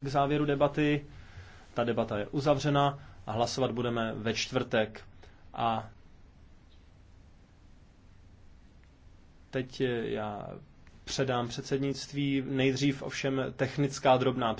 k závěru debaty. Ta debata je uzavřena a hlasovat budeme ve čtvrtek. A teď eh, já předám předsednictví. Nejdřív ovšem technická drobná